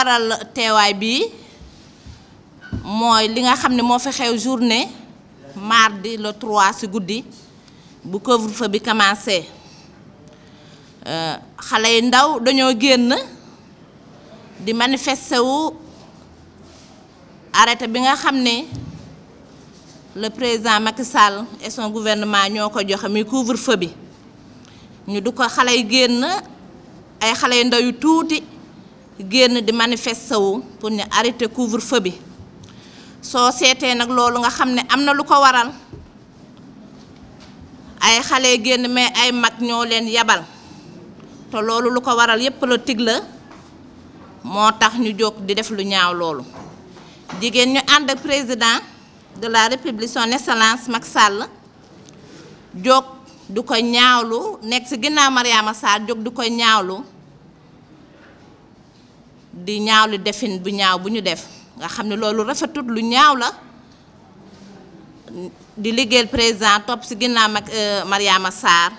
waral téway bi moy li nga xamné ne moo fi xew journée mardi le 3 ci goudi bu couvre-feu bi commencé euh, xale yu ndaw dañoo génn di manifester wu arrêté bi nga xamné le président Macky Sall et son gouvernement ñoko joxe mi couvre-feu bi ñu du ko xale yu génn ay xalé yu ndaw yu génn di manifester wu pour ñu arrêter couvre-feu bi soo seetee nag loolu nga xam ne am na lu ko waral ay xale génn mais ay mag ñoo leen yabal te loolu lu waral yépp la ñu di def lu ñaaw loolu jigéen ñu ànd ak président de la république son excellence Macky Sall jóg du ko ñaawlu nekk ci Mariama Sarr jog du ko ñaawlu di ñaaw li defin bu ñaaw bu ñu def nga xam ne loolu rafetut lu ñaaw la di liggéeyal président topp si ginnaaw ak euh, Mariama saar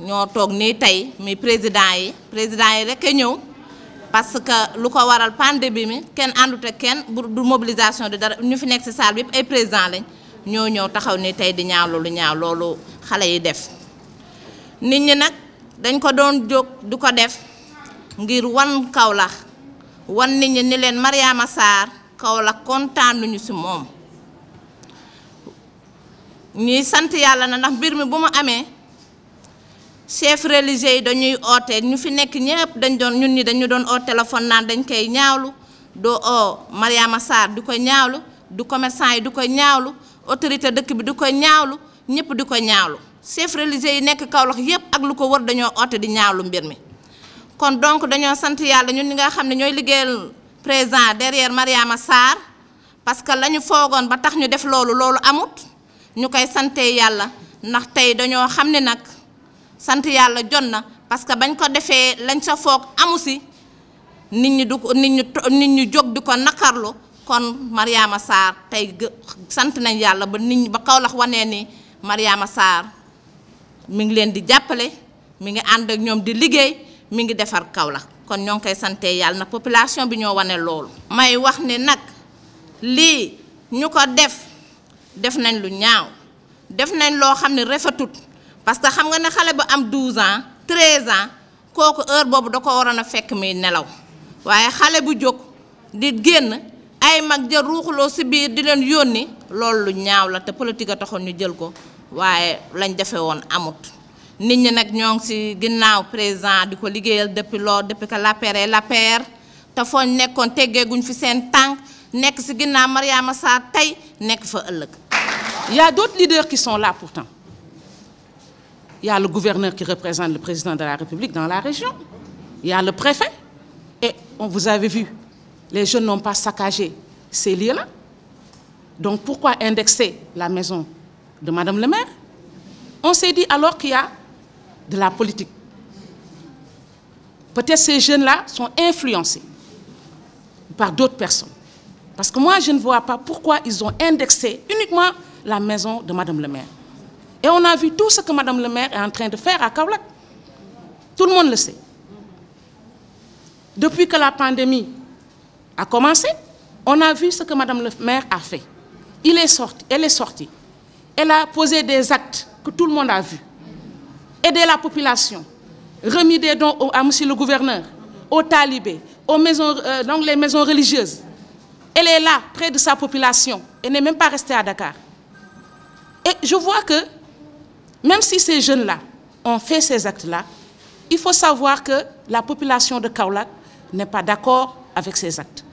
ñoo toog nii tey muy président yi président yi rek a ñëw parce que lu ko waral pandémie mi kenn àndut ak kenn bu du mobilisation di dara ñu fi nekk si salle bi yëpp ay président lañ ñoo ñëw taxaw ni tey di ñaaw lu ñaaw loolu xale yi def nit ñi nag dañ ko doon jóg du ko def ngir wan kawlax wan nit ñi ni leen Mariama Sarr Kaolack kontaanuñu ci moom ñuy sant yàlla na ndax mbir mi bu mu amee chef religieux yi dañuy oote ñu fi nekk ñëpp dañ doon ñun ñi dañu doon oo téléphone naan dañ koy ñaawlu doo oo Mariama Sarr di ko ñaawlu du commerçant yi di ko ñaawlu autorité dëkk bi di ko ñaawlu ñëpp di ko ñaawlu chef religieux yi nekk Kaolack yëpp ak lu ko wër dañoo oote di ñaawlu mbir mi kon donc dañoo sant yàlla ñun ñi nga xam ne ñooy liggéeyal président derrière Mariama Sarr parce que la foogoon ba tax ñu def loolu loolu amut ñu koy sante yàlla ndax tey dañoo xam ne nag sant yàlla jot na parce que bañ ko defee lañ sa foog amu si nit ñi du nit ñu nit ñu jóg di ko naqarlu kon Mariama saar tey sant nañ yàlla ba nit ñi ba kaw Kaolack wanee ni Mariama Sarr mu ngi leen di jàppale mu ngi ànd ak ñoom di liggéey mi ngi defar Kaolack kon ñoo ngi koy sante yàlla na population bi ñoo wane loolu may wax ni nag lii ñu ko def def nañ lu ñaaw def nañ loo xam ne rafetut parce que xam nga ne xale bu am 12 ans 13 ans kooku heure boobu da ko waroon a fekk muy nelaw waaye xale bu jóg di génn ay mag ja ruuxuloo si biir di leen yónni loolu lu ñaaw la te politique a taxoon ñu jël ko waaye lañ defe woon amut nit ñi si ñoo ngi ci ginnaaw président di ko depuis lors, depuis que la est l'APR te foo nekkoon teggeeguñ fi seen tànk nekk ci ginnaaw Mariama Sarr tey nekk fa ëllëg. Il y a d'autres leaders qui sont là pourtant il y a le gouverneur qui représente le président de la République dans la région il y a le préfet et on vous avez vu les jeunes n'ont pas saccagé ces lieux-là donc pourquoi indexer la maison de Madame le maire on s'est dit alors qu'il y a de la politique. Peut-être ces jeunes-là sont influencés par d'autres personnes. Parce que moi, je ne vois pas pourquoi ils ont indexé uniquement la maison de Madame le maire. Et on a vu tout ce que Madame le maire est en train de faire à Kaolack. Tout le monde le sait. Depuis que la pandémie a commencé, on a vu ce que Madame le maire a fait. est elle est sortie. Elle a posé des actes que tout le monde a vus aider la population, remis des dons à monsieur le gouverneur, aux talibés, aux maisons, euh, les maisons religieuses. Elle est là, près de sa population. Elle n'est même pas restée à Dakar. Et je vois que, même si ces jeunes-là ont fait ces actes-là, il faut savoir que la population de Kaolack n'est pas d'accord avec ces actes.